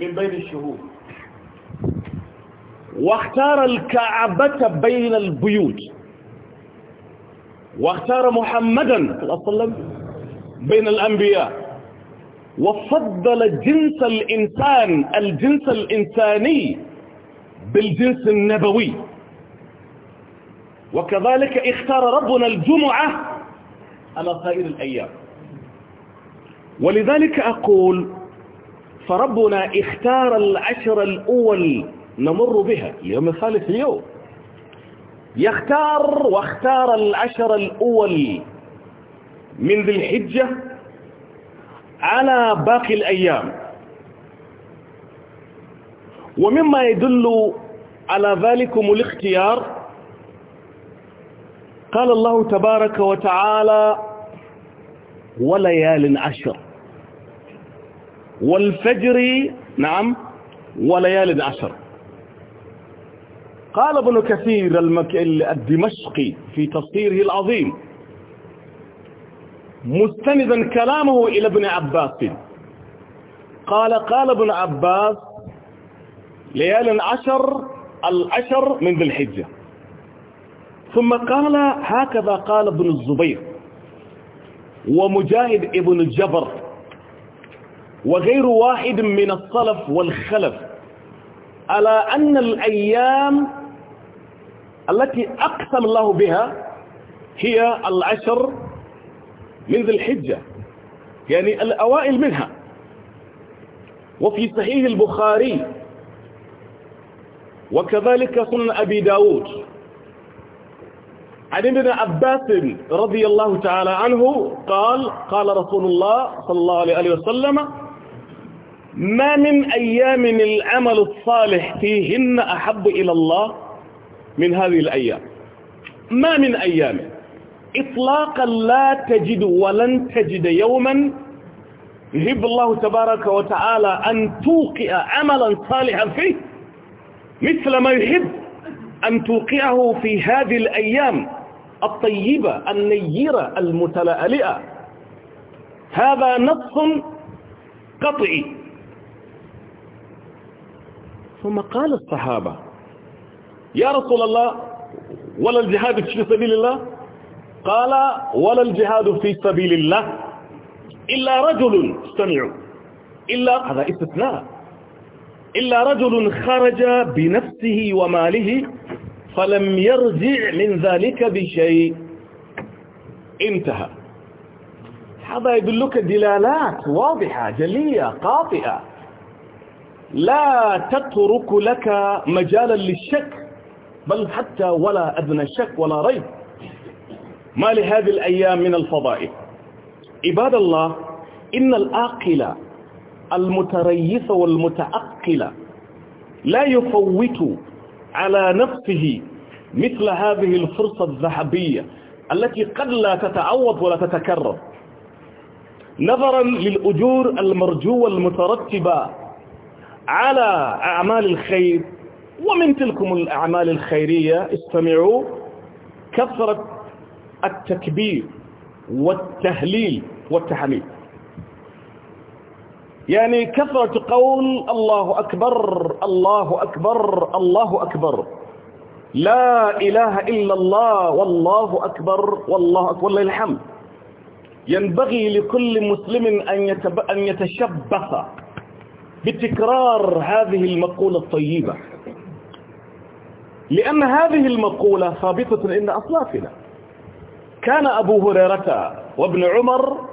من بين الشهور واختار الكعبة بين البيوت واختار محمدا صلى الله عليه وسلم بين الأنبياء وفضل جنس الإنسان الجنس الإنساني بالجنس النبوي وكذلك اختار ربنا الجمعة على خير الأيام ولذلك أقول فربنا اختار العشر الأول نمر بها يوم الثالث اليوم يختار واختار العشر الأول من ذي الحجة على باقي الأيام ومما يدل على ذلكم الاختيار قال الله تبارك وتعالى وليال عشر والفجر نعم وليالي عشر قال ابن كثير المك... الدمشقي في تفسيره العظيم مستندا كلامه إلى ابن عباس قال قال ابن عباس ليالي عشر العشر من ذي الحجة ثم قال هكذا قال ابن الزبير ومجاهد ابن جبر وغير واحد من الصلف والخلف على أن الأيام التي أقسم الله بها هي العشر من ذي الحجة يعني الأوائل منها وفي صحيح البخاري وكذلك سنن أبي داود عن ابن عباس رضي الله تعالى عنه قال قال رسول الله صلى الله عليه وسلم ما من أيام العمل الصالح فيهن أحب إلى الله من هذه الأيام ما من أيام إطلاقا لا تجد ولن تجد يوما يحب الله تبارك وتعالى أن توقع عملا صالحا فيه مثل ما يحب أن توقعه في هذه الأيام الطيبة النيرة المتلألئة هذا نص قطعي ثم قال الصحابة يا رسول الله ولا الجهاد في سبيل الله قال ولا الجهاد في سبيل الله إلا رجل استمعوا إلا هذا استثناء إلا رجل خرج بنفسه وماله فلم يرجع من ذلك بشيء انتهى هذا يدلك دلالات واضحة جلية قاطئة لا تترك لك مجالا للشك بل حتى ولا أدنى شك ولا ريب ما لهذه الأيام من الفضائل عباد الله إن الآقلة المتريس والمتأقلة لا يفوت على نفسه مثل هذه الفرصة الذهبية التي قد لا تتعوض ولا تتكرر نظرا للأجور المرجوة المترتبة على أعمال الخير ومن تلكم الأعمال الخيرية استمعوا كثرة التكبير والتهليل والتحميد يعني كثرة قول الله أكبر الله أكبر الله أكبر لا إله إلا الله والله أكبر والله أكبر والله الحمد ينبغي لكل مسلم أن, أن يتشبث بتكرار هذه المقولة الطيبة لأن هذه المقولة ثابتة عند أصلافنا كان أبو هريرة وابن عمر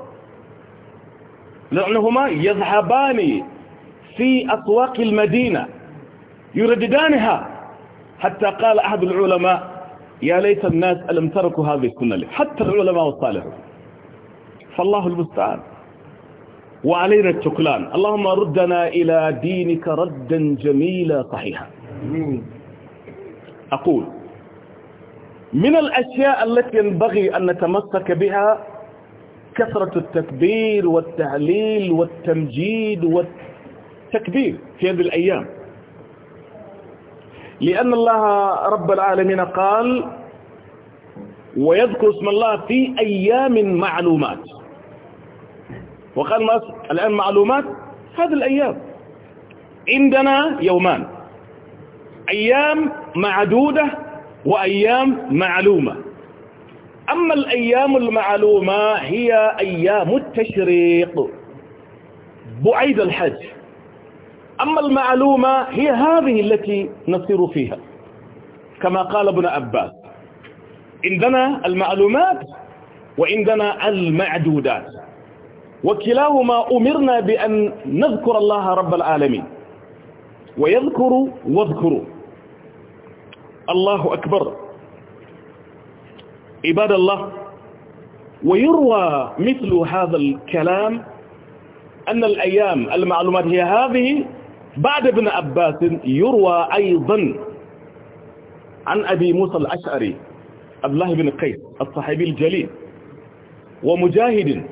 لأنهما يذهبان في أسواق المدينة يرددانها حتى قال أحد العلماء يا ليت الناس ألم تركوا هذه السنة حتى العلماء والصالحون فالله المستعان وعلينا التكلان اللهم ردنا إلى دينك ردا جميلا صحيحا أقول من الأشياء التي ينبغي أن نتمسك بها كثرة التكبير والتعليل والتمجيد والتكبير في هذه الأيام لأن الله رب العالمين قال ويذكر اسم الله في أيام معلومات وقال الآن معلومات هذه الأيام عندنا يومان أيام معدودة وأيام معلومة أما الأيام المعلومة هي أيام التشريق بعيد الحج أما المعلومة هي هذه التي نصير فيها كما قال ابن عباس عندنا المعلومات وعندنا المعدودات وكلاهما أمرنا بأن نذكر الله رب العالمين ويذكر واذكروا الله أكبر عباد الله ويروى مثل هذا الكلام أن الأيام المعلومات هي هذه بعد ابن عباس يروى أيضا عن أبي موسى الأشعري عبد الله بن قيس الصحابي الجليل ومجاهد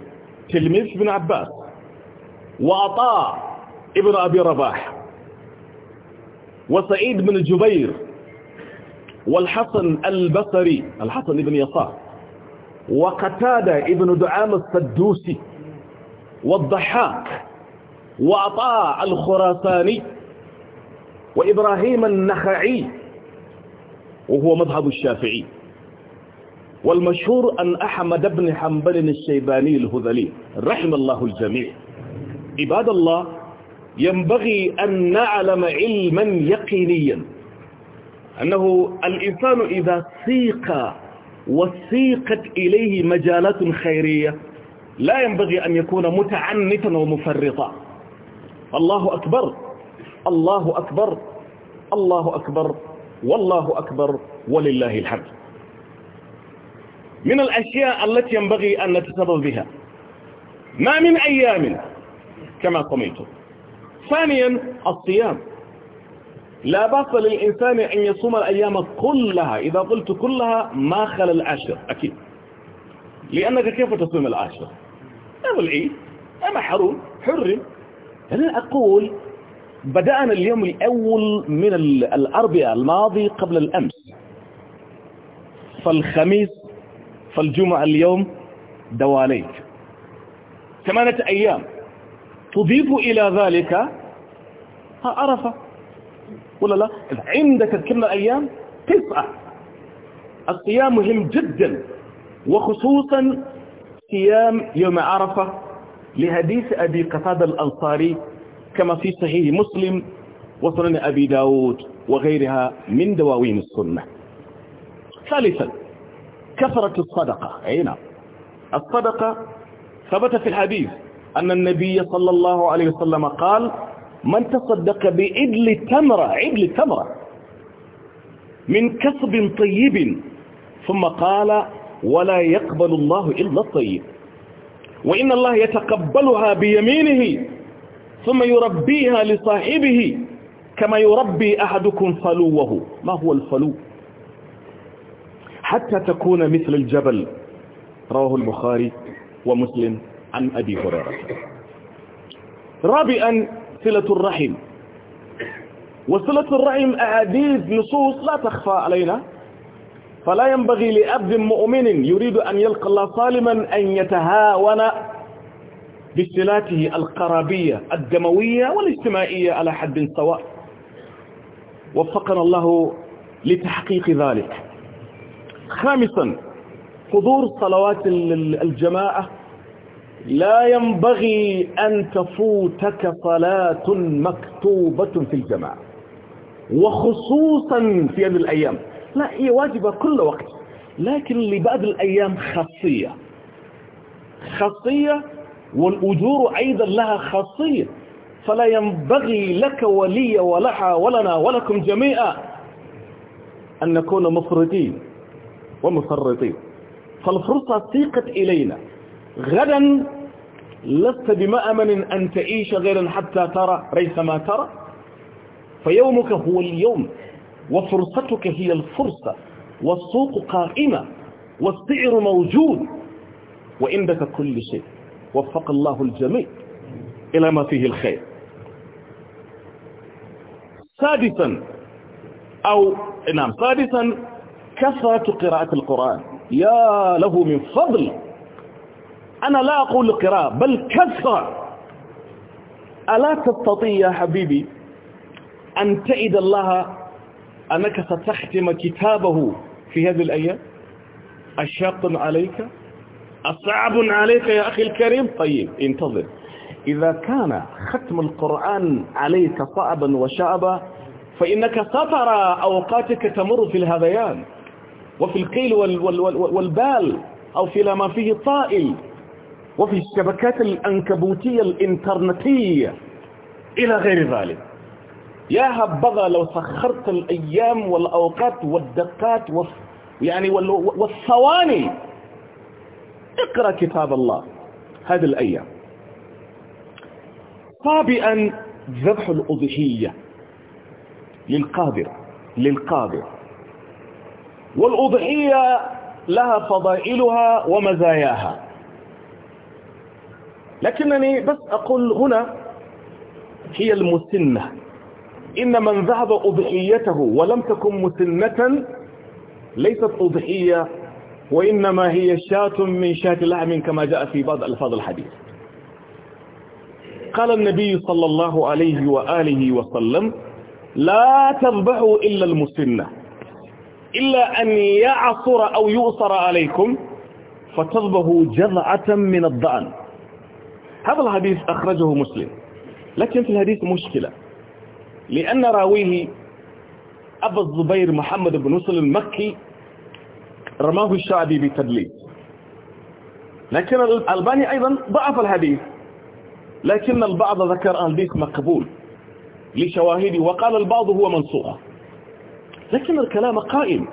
تلميذ ابن عباس وعطاء ابن أبي رباح وسعيد بن جبير والحسن البصري الحسن بن يسار وقتادة ابن دعام السدوسي والضحاك وعطاء الخراساني وإبراهيم النخعي وهو مذهب الشافعي والمشهور أن أحمد بن حنبل الشيباني الهذلي رحم الله الجميع عباد الله ينبغي أن نعلم علما يقينيا أنه الإنسان إذا سيق وسيقت إليه مجالات خيرية لا ينبغي أن يكون متعنتا ومفرطا الله أكبر الله أكبر الله أكبر والله أكبر ولله الحمد من الأشياء التي ينبغي أن نتسبب بها ما من أيام كما صميتم ثانيا الصيام لا باس للإنسان أن يصوم الأيام كلها إذا قلت كلها ما خل العشر أكيد لأنك كيف تصوم العشر أنا العيد أنا حرم حرم أنا أقول بدأنا اليوم الأول من الأربعاء الماضي قبل الأمس فالخميس فالجمعة اليوم دواليك ثمانة أيام تضيف إلى ذلك ها عرفة ولا لا عندك كم أيام تسعة الصيام مهم جدا وخصوصا صيام يوم عرفة لحديث أبي قتادة الأنصاري كما في صحيح مسلم وسنن أبي داود وغيرها من دواوين السنة ثالثا كثرة الصدقة عينا نعم. الصدقة ثبت في الحديث أن النبي صلى الله عليه وسلم قال من تصدق بإدل تمرة عدل تمرة من كسب طيب ثم قال ولا يقبل الله إلا الطيب وإن الله يتقبلها بيمينه ثم يربيها لصاحبه كما يربي أحدكم فلوه ما هو الفلو حتى تكون مثل الجبل رواه البخاري ومسلم عن أبي هريرة رابعا صلة الرحم وصلة الرحم أعديد نصوص لا تخفى علينا فلا ينبغي لأبد مؤمن يريد أن يلقى الله صالما أن يتهاون بصلاته القرابية الدموية والاجتماعية على حد سواء وفقنا الله لتحقيق ذلك خامسا حضور صلوات الجماعة لا ينبغي أن تفوتك صلاة مكتوبة في الجماعة وخصوصا في هذه الأيام لا هي واجبة كل وقت لكن لبعض الأيام خاصية خاصية والأجور أيضا لها خاصية فلا ينبغي لك ولي ولها ولنا ولكم جميعا أن نكون مفرطين ومفرطين فالفرصة سيقت إلينا غدا لست بمأمن أن تعيش غيرا حتى ترى ريس ما ترى فيومك هو اليوم وفرصتك هي الفرصة والسوق قائمة والسعر موجود وعندك كل شيء وفق الله الجميع إلى ما فيه الخير سادسا أو نعم سادسا كثرة قراءة القرآن يا له من فضل أنا لا أقول قراءة بل كثرة ألا تستطيع يا حبيبي أن تعد الله أنك ستختم كتابه في هذه الأيام أشاق عليك أصعب عليك يا أخي الكريم طيب انتظر إذا كان ختم القرآن عليك صعبا وشعبا فإنك سترى أوقاتك تمر في الهذيان وفي القيل والبال أو في ما فيه طائل وفي الشبكات الأنكبوتية الإنترنتية إلى غير ذلك يا هبغى لو سخرت الأيام والأوقات والدقات يعني والثواني اقرأ كتاب الله هذه الأيام طابئا ذبح الأضحية للقادر للقادر والأضحية لها فضائلها ومزاياها لكنني بس أقول هنا هي المسنة إن من ذهب أضحيته ولم تكن مسنة ليست أضحية وإنما هي شاة من شاة لحم كما جاء في بعض ألفاظ الحديث قال النبي صلى الله عليه وآله وسلم لا تذبحوا إلا المسنة إلا أن يعثر أو يؤثر عليكم فتضبه جذعة من الضأن هذا الحديث أخرجه مسلم لكن في الحديث مشكلة لأن راويه أبا الزبير محمد بن مسلم المكي رماه الشعبي بتدليس لكن الألباني أيضا ضعف الحديث لكن البعض ذكر الحديث مقبول لشواهده وقال البعض هو منسوخ لكن الكلام قائم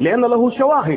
لأن له شواهد